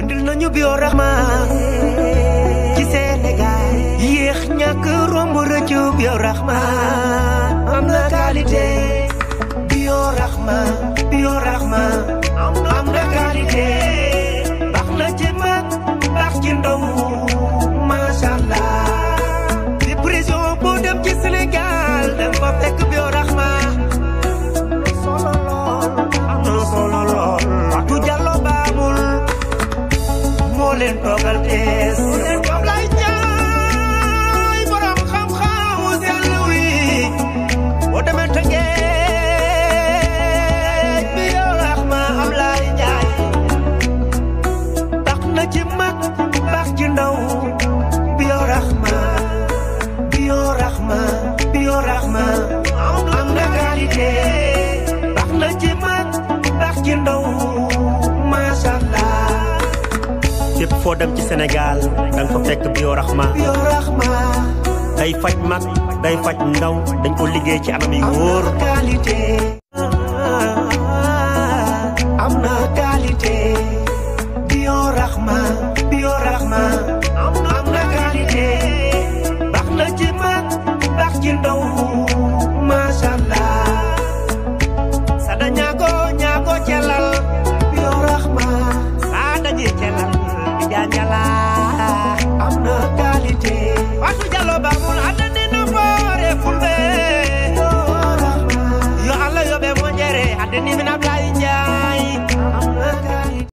indil nañu biorahma ci Sénégal yéex ñàkk romb rëccu biorahma am na qualité biorahma biorahma am na qualité baax na ci mag baax ci leen foo dem ci Sénégal da nga fa fekk biorahma day faj mag day faj ndaw dañ ko liggéey ci anam yi wóor. am na qualité biorahma biorahma am na qualité baax na ci mag baax ci ndaw. Jalla am na qualité Fatou Jallo bamul ada dina foore Allah yo be mo jere ada ni min Ablaye